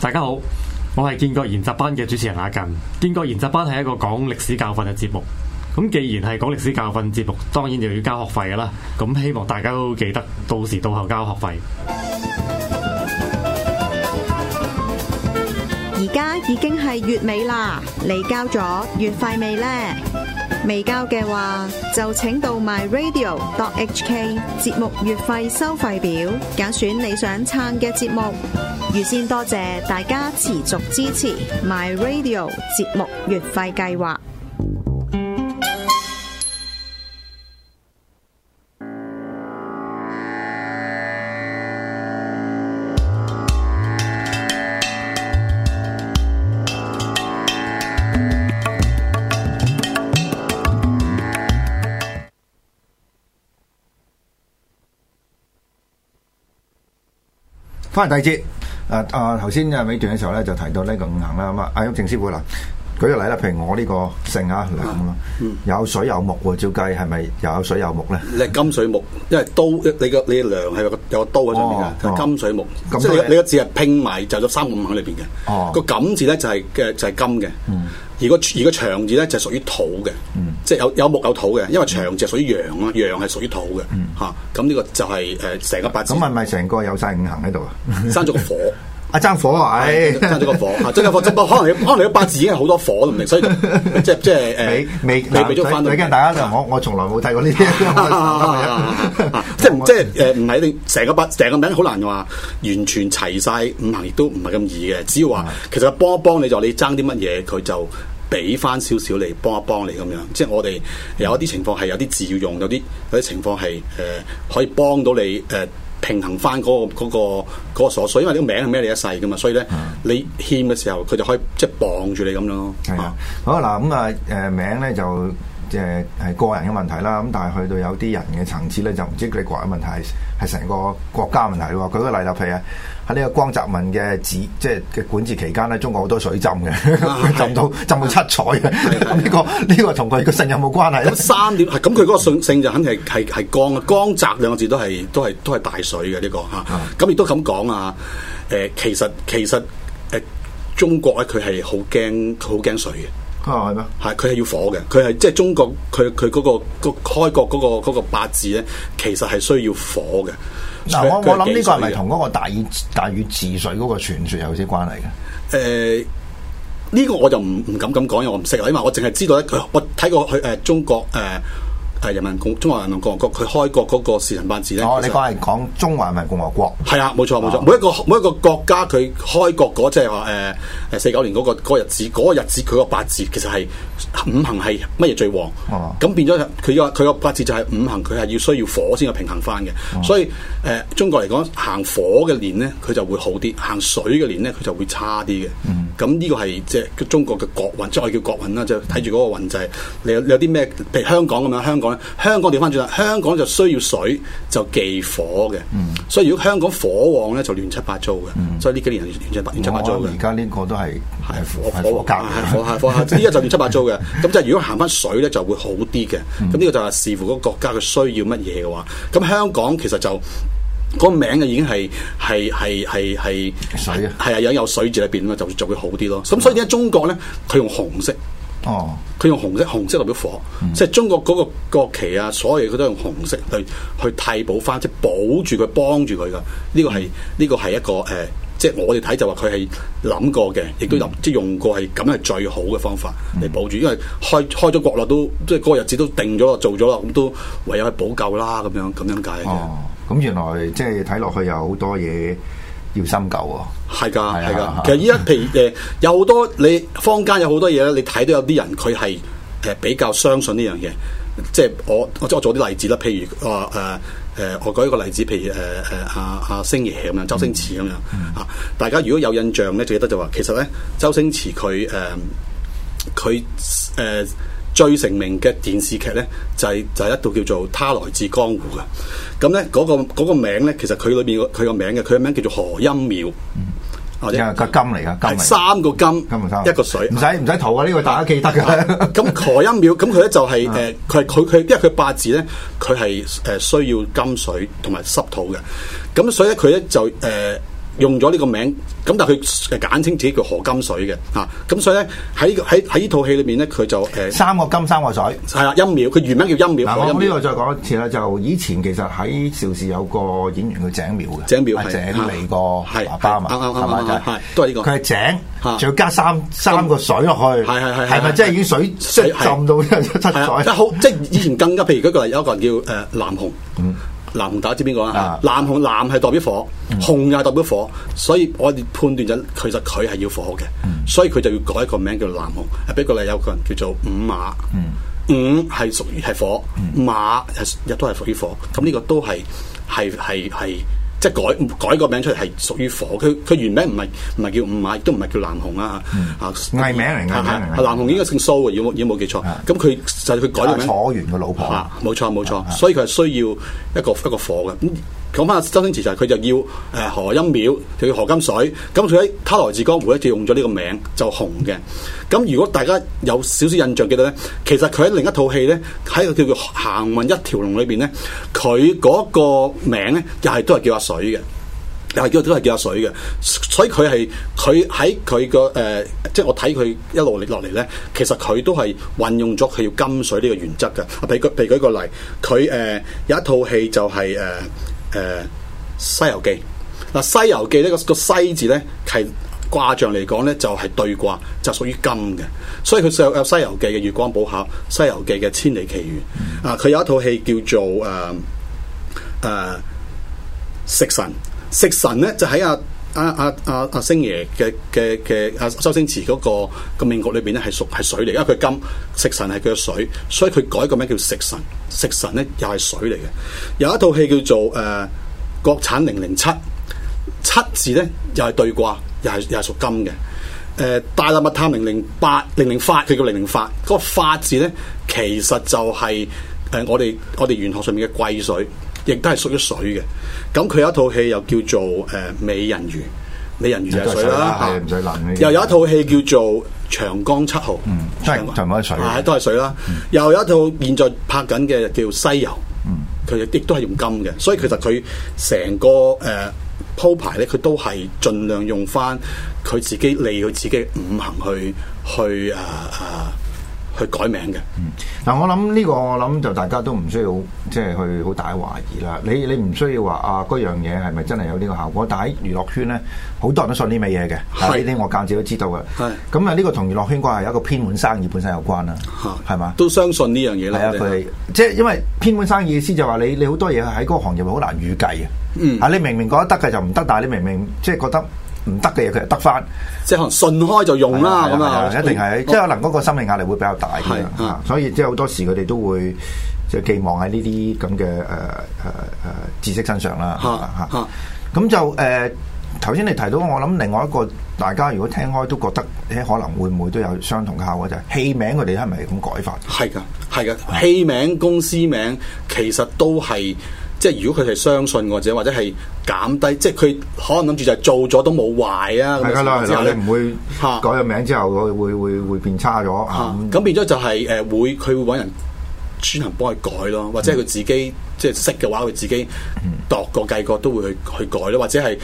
大家好，我係建國研習班嘅主持人阿近。建國研習班係一個講歷史教訓嘅節目。咁既然係講歷史教訓節目，當然就要交學費噶啦。咁希望大家都記得到時到候交學費。而家已經係月尾啦，你交咗月費未呢？未交嘅話，就請到 myradio.hk 節目月費收費表，揀選你想撐嘅節目。預先多謝大家持續支持 My Radio 節目月費計劃。翻嚟第二節。啊啊！頭先啊尾段嘅時候咧，就提到呢個五行啦咁啊。阿毓証師傅嗱，舉個例啦，譬如我呢個姓啊，梁咯，嗯、有水有木喎，啊。照計係咪又有水有木咧？誒金水木，因為刀你，你，你個你嘅梁係個有刀喺上面㗎，哦，金水木。哦，即係你，是你字，就是，個字係拼埋就咗三個五行喺裏邊嘅。哦，個錦字咧就係，是，嘅就係，是，金嘅。嗯，而個而個長字咧就屬於土嘅。嗯即係有有木有土嘅，因為長就屬於羊咯，羊係屬於土嘅嚇。咁呢個就係誒成個八字。咁係咪成個有晒五行喺度啊？生咗個火，啊爭火啊！誒爭咗個火，爭咗個火，可能可能你八字已經好多火都唔定，所以即即係誒未未未捉翻。我驚大家就我我從來冇睇過呢啲，即係即係誒唔係一定成個八成個名好難話完全齊晒五行，亦都唔係咁易嘅。只要話其實幫一幫你就你爭啲乜嘢，佢就。俾翻少少嚟幫一幫你咁樣，即係我哋有一啲情況係有啲字要用，有啲有啲情況係誒、呃、可以幫到你誒、呃、平衡翻嗰個嗰個嗰個瑣碎，因為呢個名係孭你一世噶嘛，所以咧、嗯、你欠嘅時候佢就可以即係傍住你咁咯。係的啊，好嗱咁啊誒名咧就誒係、呃、個人嘅問題啦，咁但係去到有啲人嘅層次咧就唔知佢哋個人嘅問題係成個國家問題咯。舉個例就譬如。喺呢個江澤民嘅指，即係嘅管治期間咧，中國好多水浸嘅，啊、 浸到的浸到七彩嘅，咁呢的、 這個呢的個同佢個姓有冇關係？咁三點，咁佢嗰個姓就肯定係係係江啊，江澤兩個字都係都係都係大水嘅呢、這個嚇。咁亦都咁講啊，誒、呃、其實其實誒、呃、中國咧，佢係好驚好驚水嘅。啊，係咩、哦？係佢係要火嘅，佢係即係中國佢佢嗰個個開國嗰、嗰個、嗰個八字咧，其實係需要火嘅。嗱喏，我我諗呢個係咪同嗰個大禹大禹治水嗰個傳說有啲關係嘅？誒、呃，呢、呢個我就唔唔敢咁講，因為我唔識啊，起碼我淨係知道咧，我睇過佢誒、呃、中國誒。呃係人民共中華人民共和國佢開國嗰個時辰八字咧，哦、oh, 其實，你講係講中華人民共和國，係啊，冇錯冇錯。每一個每一個國家佢開國嗰即係話誒誒四九年嗰、那個那個日子嗰、那個日子佢個八字其實係五行，係乜嘢最旺咁、oh. 變咗佢話佢個八字就係五行，佢係要需要火先有平衡翻嘅，oh. 所以誒、呃、中國嚟講行火嘅年咧佢就會好啲，行水嘅年咧佢就會差啲嘅。咁呢、mm hmm. 個係即係中國嘅國運，即、就、係、是、我叫國運啦，就睇住嗰個運勢。你有你有啲咩？譬如香港咁樣，香港。香港香港香港調翻轉啦，香港就需要水就忌火嘅。所以如果香港火旺咧就亂七八糟嘅，所以呢幾年亂七八糟嘅。而家呢個都係係火火呢家就亂七八糟嘅。咁就係如果行翻水咧就會好啲嘅。咁呢個就係視乎嗰個國家嘅需要乜嘢嘅話，咁香港其實就個名已經係係係係水係啊，有有水字喺邊啊嘛，就會就會好啲咯。咁所以而家中國咧佢用紅色。哦，佢用紅色紅色代表火，即係、嗯、中國嗰個國旗啊，所有嘢，佢都用紅色去去替補翻，即係保住佢，幫住佢噶。呢、這個係呢、這個係一個誒、呃，即係我哋睇就話佢係諗過嘅，亦都即係用過係咁係最好嘅方法嚟保住，嗯、因為開開咗國咯都即係嗰個日子都定咗啦，做咗啦，咁都唯有係補救啦，咁樣咁樣解嘅。哦，咁、嗯、原來即係睇落去有好多嘢要深究、哦。係噶係噶。其實依家，譬如誒、呃，有好多你坊間有好多嘢咧，你睇到有啲人佢係誒比較相信呢樣嘢。即係我，我即係我做啲例子啦。譬如話誒誒，我舉一個例子，譬如誒誒，阿、呃、阿、啊、星爺咁樣，周星馳咁樣嚇。大家如果有印象咧，就記得就話，其實咧，周星馳佢誒佢誒最成名嘅電視劇咧，就係、是、就係、是、一部叫做《他來自江湖》嘅。咁咧嗰個名咧，其實佢裏邊佢個名嘅，佢個名叫做何鑫淼。嗯。或者個金嚟噶，三個金，金三個一個水，唔使唔使塗嘅呢個大家記得嘅。咁 乾音廟樂，咁佢咧就係誒，佢佢佢，因為佢八字咧，佢係誒需要金水同埋濕土嘅，咁所以咧佢咧就誒。呃用咗呢個名，咁但係佢誒簡稱自己叫何金水嘅，啊，咁所以咧喺喺喺呢套戲裏面咧，佢就誒三個金三個水，係啦，鑫淼，佢原名叫鑫淼。嗱，我呢個再講一次啦，就以前其實喺邵氏有個演員叫井淼嘅，井淼係井嚟個爸爸嘛，係係係，都係呢個。佢係井，仲要加三三個水落去，係係係係，咪即係已經水浸到七七即係好，即係以前更加譬如嗰個有個人叫誒南紅。南紅大家知邊個啦？南紅南係代表火，紅又代表火，所以我哋判斷咗，其實佢係要火嘅，所以佢就要改一個名叫南紅。俾個例有個人叫做五馬，五係屬於係火，馬亦都係屬於火，咁呢個都係係係係。即係改改個名出嚟係屬於火，佢佢原名唔係唔係叫吳馬，亦都唔係叫南紅、嗯、啊嚇，藝名嚟㗎，啊、南紅，應該姓蘇嘅，有冇有冇記錯？咁佢、啊、就係佢改咗名。楚原嘅老婆，冇錯、啊，冇錯。啊、所以佢係需要一個一個火嘅。嗯講翻周星馳就係佢就要誒何音淼，就要何金水。咁佢喺他來自江湖一直用咗呢個名就紅嘅。咁如果大家有少少印象記得咧，其實佢喺另一套戲咧喺個叫做《行運一條龍》裏邊咧，佢嗰個名咧又係都係叫阿水嘅，又係叫都係叫阿水嘅。所以佢係佢喺佢個誒，即係、呃就是、我睇佢一路落嚟咧，其實佢都係運用咗佢要金水呢個原則嘅。譬如譬如舉個例，佢誒、呃、有一套戲就係、是、誒。呃誒，呃《西遊記》嗱、啊，《西遊記》呢個個西字咧係卦象嚟講咧就係兌卦，就是就是、屬於金嘅。所以佢上有《西遊記》嘅《月光寶盒》，《西遊記》嘅《千里奇緣》嗯、啊，佢有一套戲叫做誒誒、呃呃《食神》，食神咧就喺阿、啊。阿阿阿阿星爺嘅嘅嘅、阿周星馳嗰、那個個命局裏邊咧係屬係水嚟，因為佢金食神係佢嘅水，所以佢改個名叫食神。食神咧又係水嚟嘅。有一套戲叫做誒、呃、國產零零七，七字咧又係兌卦，又係又係屬金嘅。誒、呃、大內密探零零八零零八，佢叫零零八，嗰個八字咧其實就係、是、誒、呃、我哋我哋玄學上面嘅貴水。亦都係屬於水嘅，咁佢有一套戲又叫做誒、呃、美人魚，美人魚就係水啦、啊。啊、又有一套戲叫做長江七號，都係長江嘅水。都係水啦。啊水、嗯、又有一套現在拍緊嘅叫西遊，佢、嗯、亦都係用金嘅，所以其實佢成個誒、呃、鋪排咧，佢都係盡量用翻佢自己利佢自己五行去去啊啊！啊啊.佢改名嘅，嗱、嗯、我諗呢、呢個我諗就大家都唔需要即係、就是、去好大嘅懷疑啦。你你唔需要話啊嗰樣嘢係咪真係有呢個效果？但喺娛樂圈咧，好多人都信呢味嘢嘅，呢啲是我間接都知道嘅。咁啊是，呢個同娛樂圈關係有一個偏門生意本身有關啦，係嘛、啊？吧都相信呢樣嘢啦。啊，佢即係因為偏門生意意思就話你你好多嘢喺嗰個行業好難預計嘅。嗯、啊你明明，明明覺得得嘅就唔得，但係你明明即係覺得。就是覺得唔得嘅嘢佢又得翻，即係可能順開就用啦咁啊，啊樣啊一定係，嗯、即係可能嗰個心理壓力會比較大啲啊，所以即係好多時佢哋都會寄望喺呢啲咁嘅誒誒誒知識身上啦。嚇咁就誒頭先你提到，我諗另外一個大家如果聽開都覺得，可能會唔會都有相同嘅效果就係、是、戲名佢哋係咪咁改法？係噶係噶，戲名公司名其實都係。即係如果佢係相信我，或者或者係減低，即係佢可能諗住就係做咗都冇壞啊。係㗎啦， 你唔會改咗名之後會，佢 會會會變差咗。嚇，咁、 嗯、變咗就係、是、誒、呃、會，佢會搵人專門幫佢改咯，或者佢自己即係識嘅話，佢自己度個計過都會去去改咯，或者係。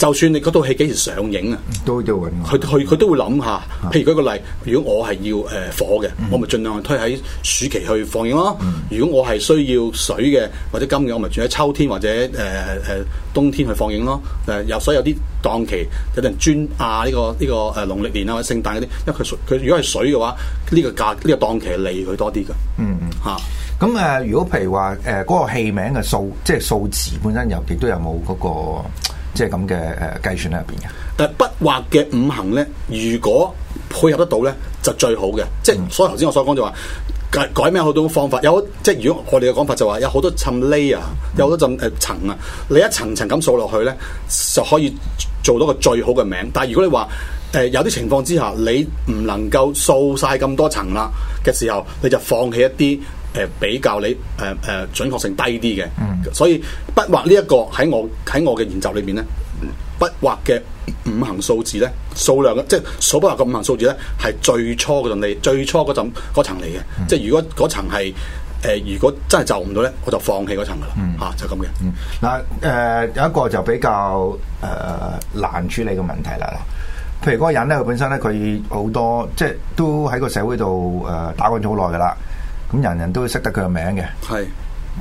就算你嗰套戲幾時上映啊？佢佢佢都會諗下。譬如舉個例，如果我係要誒火嘅，我咪盡量推喺暑期去放映咯。如果我係需要水嘅或者金嘅，我咪轉喺秋天或者誒誒冬天去放映咯。誒有所以有啲檔期有啲人專亞呢個呢個誒農曆年啊，或者聖誕嗰啲，因為佢佢如果係水嘅話，呢個價呢個檔期係利佢多啲嘅。嗯嗯嚇。咁啊，如果譬如話誒嗰個戲名嘅數即係數字本身有亦都有冇嗰個？即係咁嘅，誒計算喺入邊嘅。但係筆畫嘅五行咧，如果配合得到咧，就最好嘅。即係所以頭先我所講就話改改名好多方法，有即係如果我哋嘅講法就話有好多層 layer，有好多層誒層啊，你一層層咁掃落去咧，就可以做到個最好嘅名。但係如果你話誒、呃、有啲情況之下，你唔能夠掃晒咁多層啦嘅時候，你就放棄一啲。誒，比較你誒誒、呃呃、準確性低啲嘅。 所以筆畫呢一個喺我喺我嘅研習裏邊咧，筆畫嘅五行數字咧數量，即係數筆畫嘅五行數字咧，係最初嗰陣嚟，最初陣層嚟嘅。 即係如果嗰層係誒，如果真係就唔到咧，我就放棄嗰層噶啦，吓 就咁嘅。嗱誒，有一個就比較誒難處理嘅問題啦。譬如嗰個人咧，佢本身咧，佢好多即係都喺個社會度誒打滾咗好耐噶啦。打打咁人人都識得佢個名嘅，係是。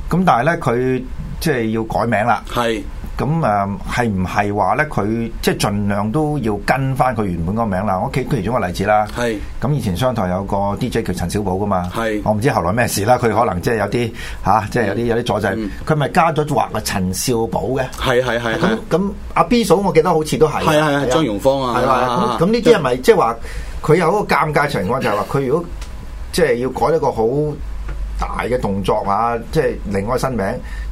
咁但係咧，佢即係要改名啦。係是。咁誒、嗯，係唔係話咧？佢即係盡量都要跟翻佢原本嗰個名啦。我佢，舉幾個例子啦。係是。咁以前商台有個 DJ 叫陳小寶噶嘛。係是。我唔知後來咩事啦。佢可能即係有啲嚇，即係、嗯啊就是、有啲有啲阻滯。佢咪、嗯、加咗畫個陳少寶嘅。係係係。咁咁阿 B 嫂，我記得好似都係。係係係，張容芳啊。係咁咁呢啲係咪即係話佢有個尷尬情況？就係話佢如果。即係要改一個好大嘅動作啊！即係另外新名，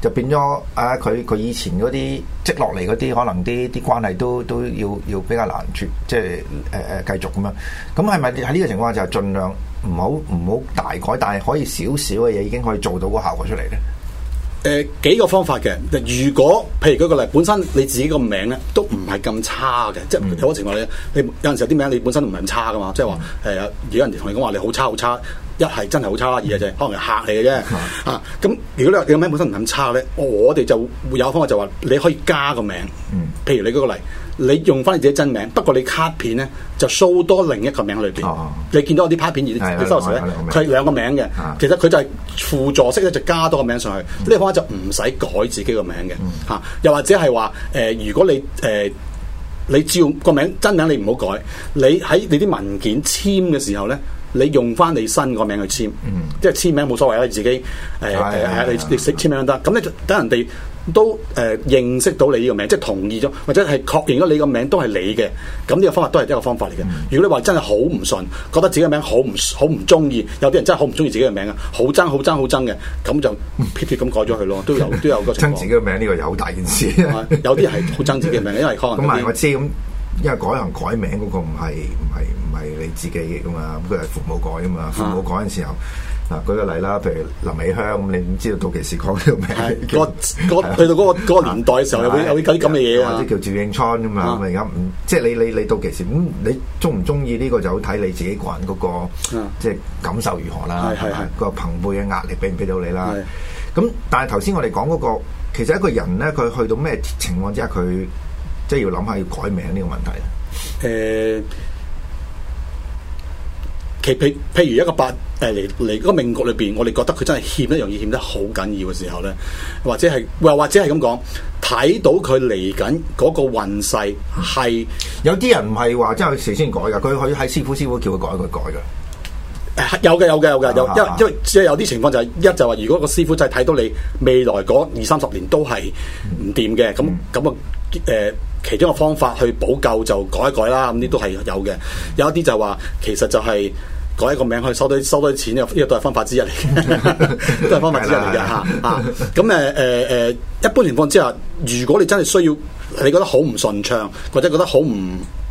就變咗啊！佢佢以前嗰啲積落嚟嗰啲，可能啲啲關係都都要要比較難轉，即係誒誒繼續咁樣。咁係咪喺呢個情況下就係、是、盡量唔好唔好大改，但係可以少少嘅嘢已經可以做到個效果出嚟咧？誒幾個方法嘅，如果譬如舉個例，本身你自己個名咧都唔係咁差嘅，嗯、即係、嗯、有啲情況咧，你有陣時候啲名你本身唔係咁差噶嘛，即係話誒，如果人同你講話，你好差好差。一係真係好差異嘅啫，可能係客你嘅啫。嚇、啊！咁、啊、如果你話個名本身唔肯差咧，我哋就有方法就話你可以加個名。嗯、譬如你嗰個例，你用翻你自己真名，不過你卡片咧就 show 多另一個名喺裏邊。你見到我啲卡片而你收時咧，佢、啊啊、兩個名嘅。啊、其實佢就係輔助式咧，就加多個名上去。呢、嗯啊、個方法就唔使改自己個名嘅。嗯、啊。又或者係話誒，如、呃、果、呃呃、你誒你照個名真名，你唔好改。你喺你啲文件簽嘅時候咧。啊啊你用翻你新個名去簽，嗯、即係簽名冇所謂啦，你自己誒，你、哎、呀你識簽名都得。咁、呃、咧，等人哋都誒認識到你呢個名，即、就、係、是、同意咗，或者係確認咗你個名都係你嘅。咁呢個方法都係一個方法嚟嘅。嗯、如果你話真係好唔順，覺得自己個名好唔好唔中意，有啲人真係好唔中意自己嘅名啊，好憎、好憎、好憎嘅，咁就撇撇咁改咗佢咯，都有都有，都有個情況。自己個名呢個有好大件事，有啲人係好憎自己嘅名， 己名，因為可能。我知咁。因為改人改名嗰個唔係唔係唔係你自己嘅嘛，咁佢係父母改啊嘛，父母改嘅時候嗱舉個例啦，譬如林美香咁，你唔知道到其時講啲咩？名，嗰去到嗰個年代嘅時候，又會有啲咁嘅嘢。或者叫趙英川咁啊，咁即係你你你到其時咁，你中唔中意呢個就睇你自己個人嗰個即係感受如何啦，個朋輩嘅壓力俾唔俾到你啦。咁但係頭先我哋講嗰個，其實一個人咧，佢去到咩情況之下佢？即係要諗下要改名呢個問題啦、呃。其譬譬如一個八誒嚟嚟嗰個命局裏邊，我哋覺得佢真係欠得容易欠、欠得好緊要嘅時候咧，或者係又或者係咁講，睇到佢嚟緊嗰個運勢係、嗯、有啲人唔係話即係佢事先改㗎，佢可以喺師傅師傅叫佢改，佢改㗎、呃。有嘅有嘅有嘅，有一即係有啲情況就係、係、一就話，如果個師傅真係睇到你未來嗰二三十年都係唔掂嘅，咁咁啊誒。嗯嗯其中一個方法去補救就改一改啦，咁呢啲都係有嘅。有一啲就話，其實就係改一個名去收多收多啲錢，呢個都係方法之一嚟，嘅。 都係方法之一嚟嘅吓啊。咁誒誒誒，一般情況之下，如果你真係需要，你覺得好唔順暢，或者覺得好唔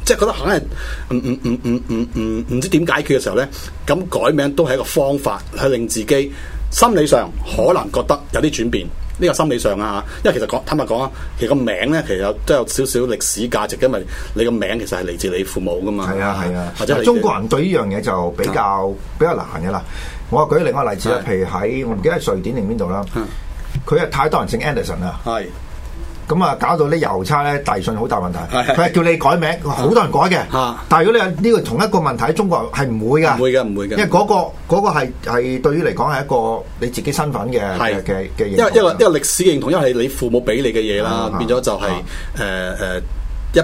即係覺得肯係唔唔唔唔唔唔唔知點解決嘅時候咧，咁改名都係一個方法，去令自己心理上可能覺得有啲轉變。呢個心理上啊，因為其實講坦白講啊，其實個名咧，其實都有都有少少歷史價值，因為你個名其實係嚟自你父母噶嘛。係啊係啊，啊或者中國人對呢樣嘢就比較、啊、比較難嘅啦。我話舉另外例子啊，譬是的 如喺我唔記得瑞典定邊度啦，佢係是的 太多人姓 Anderson 啦，係。咁啊，搞到啲郵差咧遞信好大問題。佢係、啊、叫你改名，好、啊、多人改嘅。啊、但係如果你呢個同一個問題，中國人係唔會噶。唔會嘅，唔會嘅。嗯嗯、因為嗰、嗰個嗰會個係係對於嚟講係一個你自己身份嘅嘅嘅認同。因為因為因為歷史認同，因為你父母俾你嘅嘢啦，變咗、啊、就係誒誒，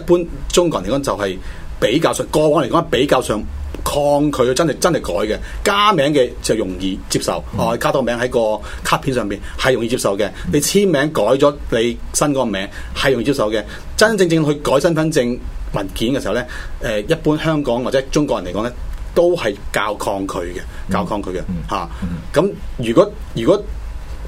一般中國人嚟講就係比較上，過往嚟講比較上。抗拒真係真係改嘅。加名嘅就容易接受，哦、啊、加多名喺個卡片上邊係容易接受嘅。你簽名改咗你新個名係容易接受嘅。真真正正去改身份證文件嘅時候呢，誒、呃、一般香港或者中國人嚟講呢，都係較抗拒嘅，較抗拒嘅嚇。咁、啊、如果如果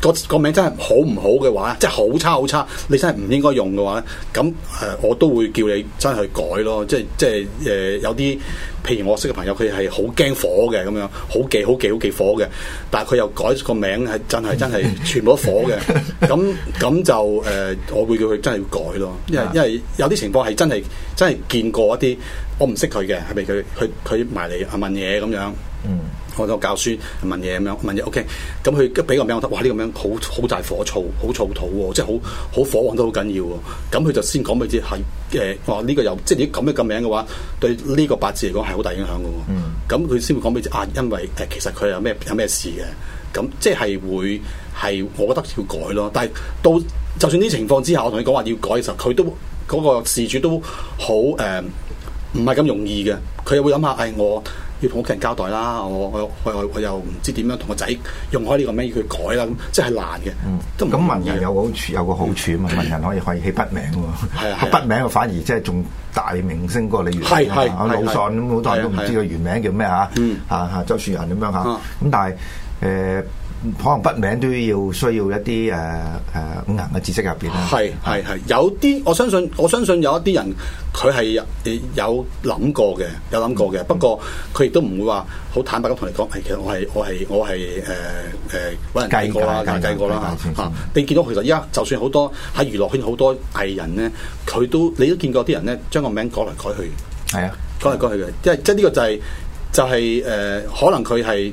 個個名真係好唔好嘅話，即係好差好差，你真係唔應該用嘅話，咁誒、呃、我都會叫你真係去改咯。即係即係誒有啲，譬如我識嘅朋友，佢係好驚火嘅咁樣，好忌好忌好忌好忌火嘅，但係佢又改個名係真係真係全部火嘅。咁咁 就誒、呃，我會叫佢真係要改咯，因為因為有啲情況係真係真係見過一啲，我唔識佢嘅，係咪佢佢佢埋嚟問嘢咁樣？嗯，我就教書問嘢咁樣問嘢，OK。咁佢俾個名，我覺得哇呢個名好好大火燥，好燥土喎，即係好好火旺都好緊要喎。咁佢就先講俾你知係誒，話呢個又即係如果咁一個名嘅話，對呢個八字嚟講係好大影響㗎喎。咁佢先會講俾你知啊，因為誒其實佢有咩有咩事嘅。咁即係會係我覺得要改咯。但係到就算呢情況之下，我同你講話要改嘅時候，佢都嗰個事主都好誒，唔係咁容易嘅。佢又會諗下誒我。要同屋企人交代啦，我我我我又唔知點樣同個仔用開呢個名要佢改啦，咁即係難嘅。咁、嗯、文人有好處，有個好處啊嘛，嗯、文人可以可以起筆名喎，起、嗯嗯、 筆名反而即係仲大明星嗰個李元，魯迅咁好多人都唔知佢原名叫咩吓，吓周樹人咁樣吓，咁但係誒。呃可能筆名都要需要一啲誒誒五行嘅知識入邊咧，係係係有啲我相信我相信有一啲人佢係有諗過嘅有諗過嘅，不過佢亦都唔會話好坦白咁同你講，其實我係我係我係誒誒揾人計過啦計計過啦嚇嚇，你見到其實而家就算好多喺娛樂圈好多藝人咧，佢都你都見過啲人咧將個名改來改去，係啊改來改去嘅，即係即係呢個就係就係誒可能佢係。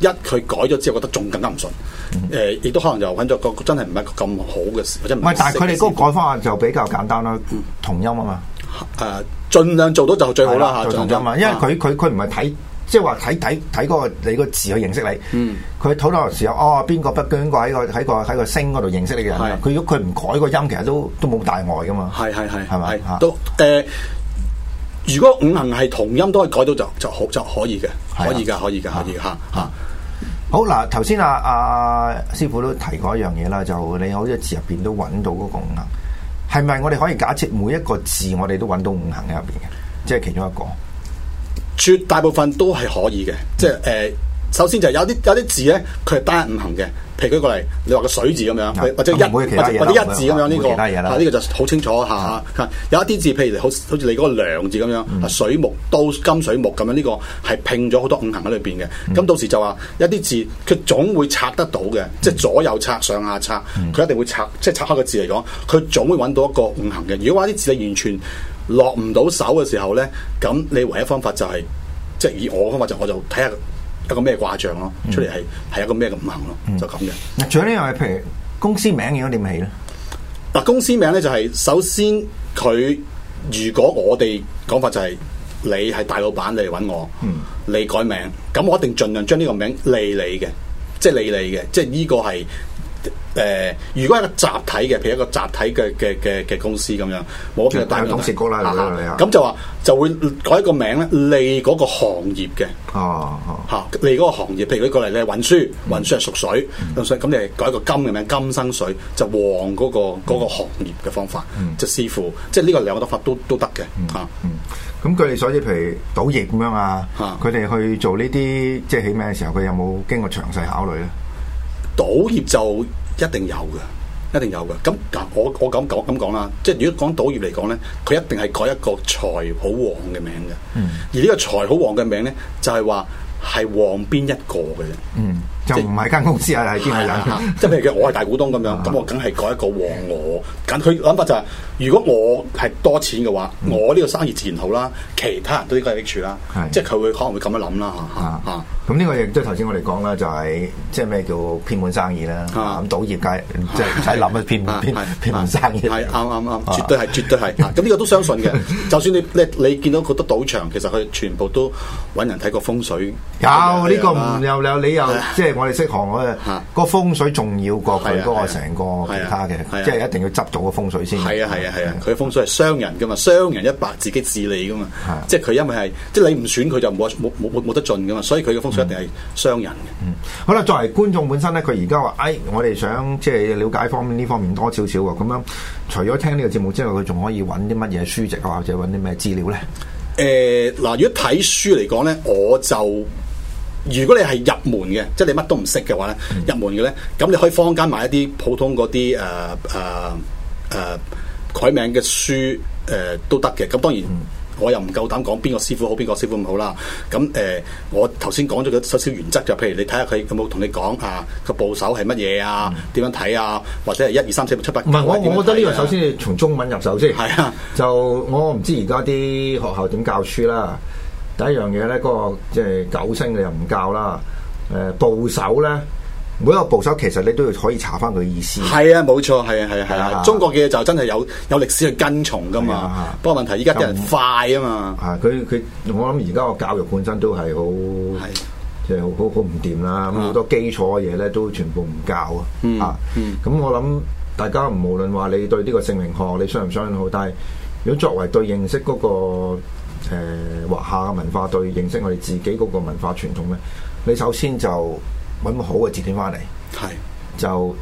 一佢改咗之後，覺得仲更加唔順。誒，亦都可能就揾咗個真係唔係咁好嘅事，或者唔係。但係佢哋嗰個改方法就比較簡單啦。同音啊嘛，誒，盡量做到就最好啦。同音啊，因為佢佢佢唔係睇，即係話睇睇睇嗰個你個字去認識你。嗯。佢好多時候，哦，邊個不經過喺個喺個喺個聲嗰度認識你嘅人。佢如果佢唔改個音，其實都都冇大礙噶嘛。係係係，係嘛？都誒，如果五行係同音都可以改到就就可就可以嘅，可以嘅，可以嘅。可以嚇嚇。好嗱，頭先阿阿師傅都提過一樣嘢啦，就你好似字入邊都揾到嗰個五行，係咪我哋可以假設每一個字我哋都揾到五行入邊嘅？即係其中一個，絕大部分都係可以嘅，嗯、即係誒。呃首先就係有啲有啲字咧，佢係單一五行嘅。譬如舉過嚟，你話個水字咁樣，或者一或者一字咁樣呢個，呢個就好清楚下。有一啲字，譬如好好似你嗰個梁字咁樣，水木到金水木咁樣呢個係拼咗好多五行喺裏邊嘅。咁到時就話一啲字，佢總會拆得到嘅，即係左右拆、上下拆，佢一定會拆，即係拆開個字嚟講，佢總會揾到一個五行嘅。如果話啲字你完全落唔到手嘅時候咧，咁你唯一方法就係，即係以我嘅方法就我就睇下一個咩卦象咯，嗯、出嚟係係一個咩五行咯，嗯、就咁嘅。嗱，仲有呢樣，係譬如公司名應該點起咧。嗱，公司名咧就係、是、首先佢如果我哋講法就係、是、你係大老闆你嚟揾我，嗯、你改名，咁我一定盡量將呢個名利你嘅，即係利你嘅，即係呢個係。誒，如果係個集體嘅，譬如一個集體嘅嘅嘅嘅公司咁樣，我叫大董事局啦，咁就話就會改一個名咧，利嗰個行業嘅哦，吓利嗰個行業，譬如佢過嚟，你係運輸，運輸係屬水，咁所以咁你改個金嘅名，金生水就旺嗰個嗰個行業嘅方法，即係視乎即係呢個兩個得法都都得嘅吓。咁佢哋所以譬如賭業咁樣啊，佢哋去做呢啲即係起名嘅時候，佢有冇經過詳細考慮咧？賭業就一定有嘅，一定有嘅。咁我我咁講咁講啦，即係如果講賭業嚟講咧，佢一定係改一個財好旺嘅名嘅。名就是、是嗯，而呢個財好旺嘅名咧，就係話係旺邊一個嘅啫。嗯，就唔係間公司啊，係邊個人啊？即係譬如嘅，我係大股東咁樣，咁 我梗係改一個旺我。咁佢諗法就係、是。如果我係多錢嘅話，我呢個生意自然好啦，其他人都應該有益處啦。即係佢會可能會咁樣諗啦嚇。咁呢個亦都係頭先我哋講啦，就係即係咩叫偏門生意啦。咁賭業界即係唔使諗啊，偏門生意。係啱啱啱，絕對係絕對係。咁呢個都相信嘅。就算你你你見到好多賭場，其實佢全部都揾人睇過風水。有呢個唔又有理由，即係我哋識行嗰個。個風水重要過佢嗰個成個其他嘅，即係一定要執到個風水先。係啊係啊。係啊，佢、啊、風水係商人噶嘛，商人一百自己自利噶嘛，啊、即係佢因為係，即係你唔選佢就冇冇冇冇得進噶嘛，所以佢嘅風水一定係商人嘅、嗯嗯。好啦，作為觀眾本身咧，佢而家話，哎，我哋想即係、就是、了解方面呢方面多少少啊，咁樣除咗聽呢個節目之外，佢仲可以搵啲乜嘢書籍啊，或者搵啲咩資料咧？誒，嗱，如果睇書嚟講咧，我就如果你係入門嘅，即係你乜都唔識嘅話咧，嗯、入門嘅咧，咁你可以坊間買一啲普通嗰啲誒誒誒。啊啊啊啊啊啊啊改名嘅書，誒、呃、都得嘅。咁當然我、呃，我又唔夠膽講邊個師傅好，邊個師傅唔好啦。咁誒，我頭先講咗啲小小原則就譬如你睇下佢有冇同你講啊個部首係乜嘢啊，點、啊、樣睇啊，或者係一二三四五六七八。唔係、嗯，我我覺得呢樣首先從中文入手先。係、嗯、啊，就我唔知而家啲學校點教書啦。第一樣嘢咧，嗰、那個即係九星嘅又唔教啦。誒部首咧。每一個部首其實你都要可以查翻佢意思。係啊，冇錯，係啊，係啊，係啊。中國嘅就真係有有歷史去跟從噶嘛。啊、不過問題依家啲人快啊嘛。啊，佢佢，我諗而家個教育本身都係好，啊、即係好好唔掂啦。咁好、啊、多基礎嘅嘢咧都全部唔教啊。啊。咁、嗯啊、我諗大家無論話你對呢個姓名學你相唔相信好，但係如果作為對認識嗰、嗰個誒華、呃、夏文化對認識我哋自己嗰個文化傳統咧，你首先就。搵個好嘅字典翻嚟，係是就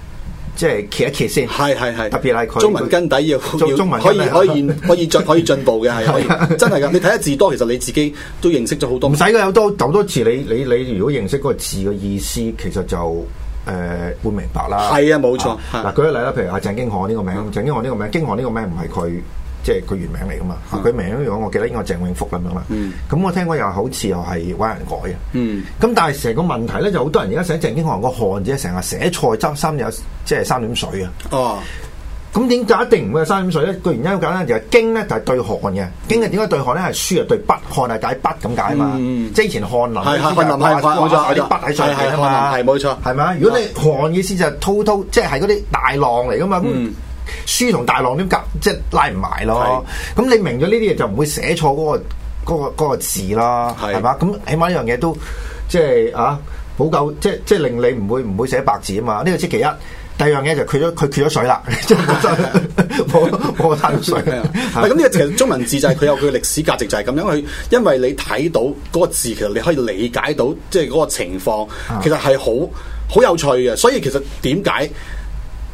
即係騎一騎先，係係係，特別係佢中文根底要，中文可以、啊、可以可以進可以進步嘅係，真係噶，你睇下字多，其實你自己都認識咗好多，唔使噶，有多斗多，多字你，你你你如果認識嗰個字嘅意思，其實就誒、呃、會明白啦。係啊，冇錯的。嗱舉個例啦，譬如阿鄭經翰呢個名，鄭經翰呢個名，經翰呢個名唔係佢。即係佢原名嚟噶嘛？佢、嗯啊、名如果我記得應該鄭永福咁樣啦。咁我聽過又好似又係揾人改啊。咁、嗯嗯、但係成個問題咧，就好多人而家寫鄭經翰個翰字，成日寫錯三，心心有即係三點水啊。哦。咁點解一定唔會三點水呢？個原因好簡單，就係、是、經咧就係對翰嘅經係點解對翰咧係書啊對筆翰啊解筆咁解嘛。嗯、即係以前翰林係翰林係法冇錯，有啲筆喺上邊啊嘛。係冇錯，係咪、嗯、如果你瀚 Ó s 意思就滔、是、滔，即係係嗰啲大浪嚟噶嘛。嗯書同大浪、啊那個那個那個、都夾，即係拉唔埋咯。咁你明咗呢啲嘢就唔會寫錯嗰個嗰個嗰個字啦，係嘛？咁起碼呢樣嘢都即係啊，補救即係即係令你唔會唔會寫白字啊嘛。呢、這個係其一，第二樣嘢就佢咗佢缺咗水啦，真係冇薪，冇冇薪水啊！咁呢個其實中文字就係佢有佢嘅歷史價值就係咁，因為因為你睇到嗰個字，其實你可以理解到即係嗰個情況，其實係好好有趣嘅。所以其實點解？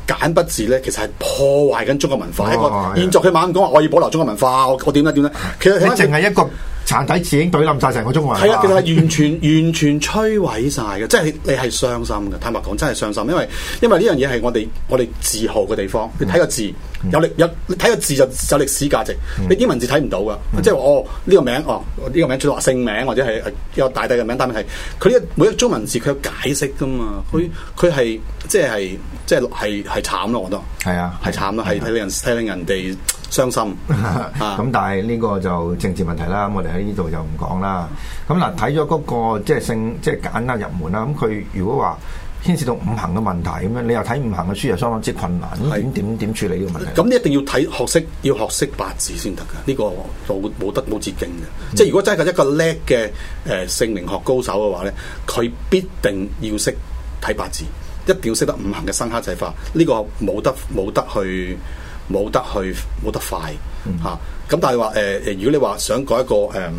簡筆字咧，其實係破壞緊中國文化。哦、一個現狀，佢猛咁講話，我要保留中國文化，我我點咧點咧，其實佢淨係一個。殘體字已經懟冧晒成個中文，係啊， 其實完全完全摧毀晒嘅，即係你係傷心嘅。坦白講，真係傷心，因為因為呢樣嘢係我哋我哋自豪嘅地方。你睇個字有歷有，睇個字就有歷史價值。嗯、你英文字睇唔到噶，嗯、即係話哦呢個名哦呢個名，最多話、哦、姓、這個、名、啊這個、名、名或者係有大帝嘅名，但係佢呢每一中文字佢有解釋噶嘛，佢佢係即係即係係係慘咯，我覺得係啊，係慘啦，係睇到睇到人哋。 傷心咁， 但係呢個就政治問題啦。我哋喺呢度就唔講啦。咁、嗯、嗱，睇咗嗰個即係性，即係簡單入門啦。咁佢如果話牽涉到五行嘅問題咁樣，你又睇五行嘅書又相當之困難。咁點點處理呢個問題？咁你一定要睇學識，要學識八字先得噶。呢、這個冇冇得冇捷徑嘅。嗯、即係如果真係一個叻嘅誒姓名學高手嘅話咧，佢必定要識睇八字，一定要識得五行嘅生剋制化。呢、這個冇得冇得去。冇得去，冇得快嚇。咁、嗯啊、但係話誒誒，如果你話想改一個誒、呃，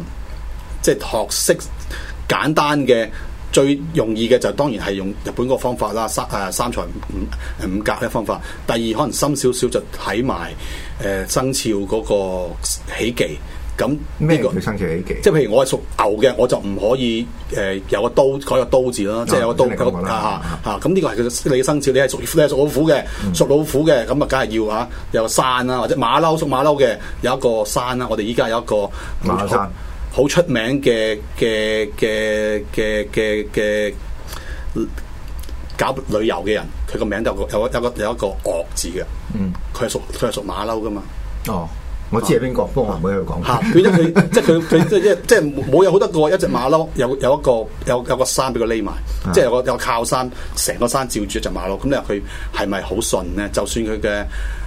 即係學識簡單嘅最容易嘅就當然係用日本個方法啦，三誒、啊、三才五五格嘅方法。第二可能深少少就睇埋誒生肖嗰個喜忌。咁呢個生肖起忌，即係譬如我係屬牛嘅，我就唔可以誒有個刀，改個刀字咯。即係有個刀嚇嚇。咁呢個係佢你嘅生肖，你係屬你係屬老虎嘅，屬老虎嘅咁啊，梗係要嚇。有個山啊，或者馬騮屬馬騮嘅，有一個山啊。我哋依家有一個馬騮好出名嘅嘅嘅嘅嘅嘅搞旅遊嘅人，佢個名就有個有個有一個惡字嘅。嗯，佢係屬佢係屬馬騮噶嘛。哦。我知係邊個，不過我唔會去講。嚇，變咗佢，即係佢，佢即係即係冇有好得過一隻馬騮，有有一個有有個山俾佢匿埋，啊、即係有個靠山，成個山照住一隻馬騮。咁你話佢係咪好順咧？就算佢嘅。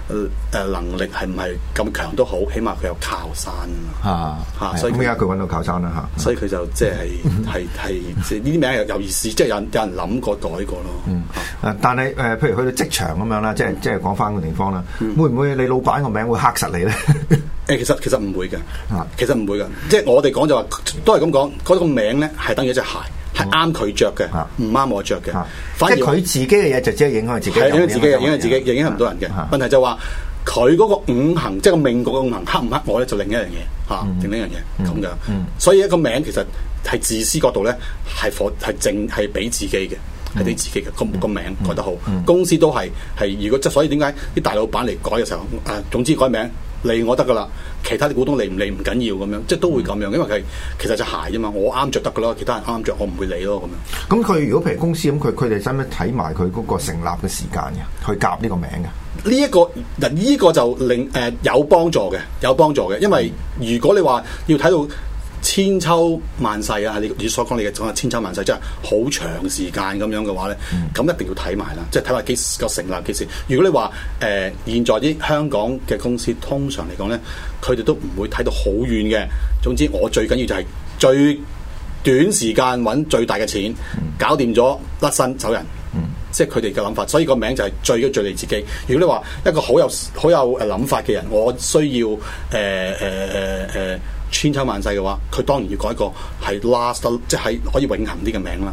誒能力係唔係咁強都好，起碼佢有靠山嘛啊！吓、啊，所以點解佢揾到靠山啦吓，啊、所以佢就即係，係係呢啲名又有意思，即、就、係、是、有人有人諗過袋過咯。嗯、誒、啊，但係誒、呃，譬如去到職場咁樣啦，即係即係講翻個地方啦，嗯、會唔會你老闆個名會吓 實你咧？誒，其實其實唔會嘅，其實唔會嘅，即係我哋講就話、是、都係咁講，嗰、那個名咧係等於一隻鞋。係啱佢着嘅，唔啱、啊、我着嘅。啊、反正而佢自己嘅嘢就只係影響自，自，自己，影響自己，影響自己，影響唔到人嘅。啊、問題就話佢嗰個五行，即、就、係、是、個命局嘅五行剋唔剋我咧，就另一樣嘢嚇，另一、嗯啊嗯、樣嘢咁樣。所以一個名其實係自私角度咧，係火係淨係俾自己嘅，係俾自己嘅個、嗯、個名改得好，嗯嗯嗯嗯嗯、公司都係係如果即係所以點解啲大老闆嚟改嘅時候，誒總之改名。理我得噶啦，其他啲股東理唔理唔緊要咁樣，即係都會咁樣，因為佢其實隻鞋啫嘛，我啱着得噶啦，其他人啱着，我唔會理咯咁樣。咁佢如果譬如公司咁，佢佢哋使唔使睇埋佢嗰個成立嘅時間呀，去夾呢個名呀？呢一個，嗱，呢個就令誒有幫助嘅，有幫助嘅，因為如果你話要睇到。千秋萬世啊！你你所講你嘅講話千秋萬世，即係好長時間咁樣嘅話咧，咁、嗯、一定要睇埋啦，即係睇下幾時個成立幾時。如果你話誒、呃、現在啲香港嘅公司，通常嚟講咧，佢哋都唔會睇到好遠嘅。總之，我最緊要就係最短時間揾最大嘅錢，搞掂咗甩身走人，嗯、即係佢哋嘅諗法。所以個名就係最嘅最利自己。如果你話一個好有好有諗法嘅人，我需要誒誒誒誒。呃呃呃呃呃千秋萬世嘅話，佢當然要改個係 last，即係可以永恆啲嘅名啦。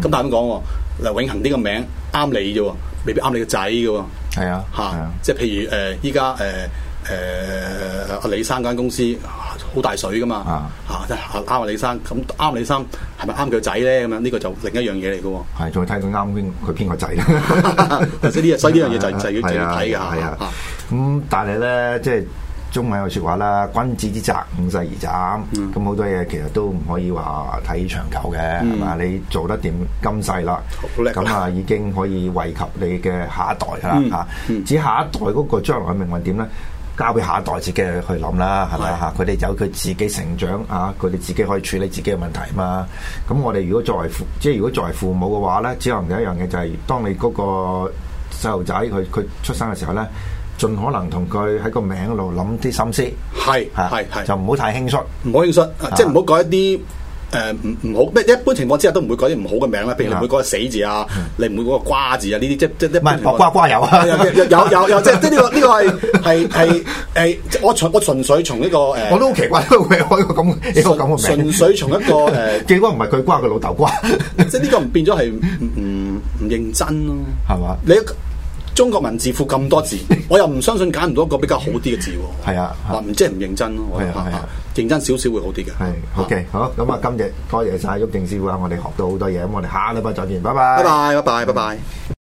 咁但係咁講喎？嗱，永恆啲嘅名啱你啫喎，未必啱你個仔嘅喎。係啊，嚇，即係譬如誒依家誒誒阿李生間公司好大水噶嘛，嚇，啱阿李生咁啱李生係咪啱佢個仔咧？咁樣呢個就另一樣嘢嚟嘅喎。係再睇佢啱邊，佢邊個仔啦。所以呢，所以呢樣嘢就就要睇嘅嚇。咁但係咧，即係。中文有説話啦，君子之澤，五世而斬。咁好、嗯、多嘢其實都唔可以話睇長久嘅，係嘛、嗯？你做得掂今世啦，咁啊已經可以惠及你嘅下一代㗎啦。嚇、嗯啊，至下一代嗰個將來嘅命運點咧，交俾下一代自己去諗啦，係咪啊？佢哋有佢自己成長，嚇佢哋自己可以處理自己嘅問題嘛。咁我哋如果作為父即係如果作為父母嘅話咧，只能有一樣嘢就係、是，當你嗰個細路仔佢佢出生嘅時候咧。盡可能同佢喺個名度諗啲心思，係係係，就唔好太輕率，唔好輕率，即係唔好改一啲誒唔唔好咩一般情況之下都唔會改啲唔好嘅名啦，譬如唔會改個死字啊，你唔會改個瓜字啊呢啲，即即即唔係薄瓜瓜有啊，有有有有即係呢個呢個係係係誒，我純我純粹從呢個誒，我都好奇怪，個名咁，你都咁嘅名，純粹從一個誒，結果唔係佢瓜，佢老豆瓜，即呢個變咗係唔唔認真咯，係嘛？你中國文字庫咁多字。我又唔相信揀唔到一個比較好啲嘅字喎。係啊，話唔即係唔認真咯。係啊係、啊、認真少少會好啲嘅。係，OK 好。咁啊，今日多謝晒毓証師傅啊，我哋學到好多嘢。咁我哋下禮拜再見，拜拜。拜拜、嗯，拜拜，拜拜。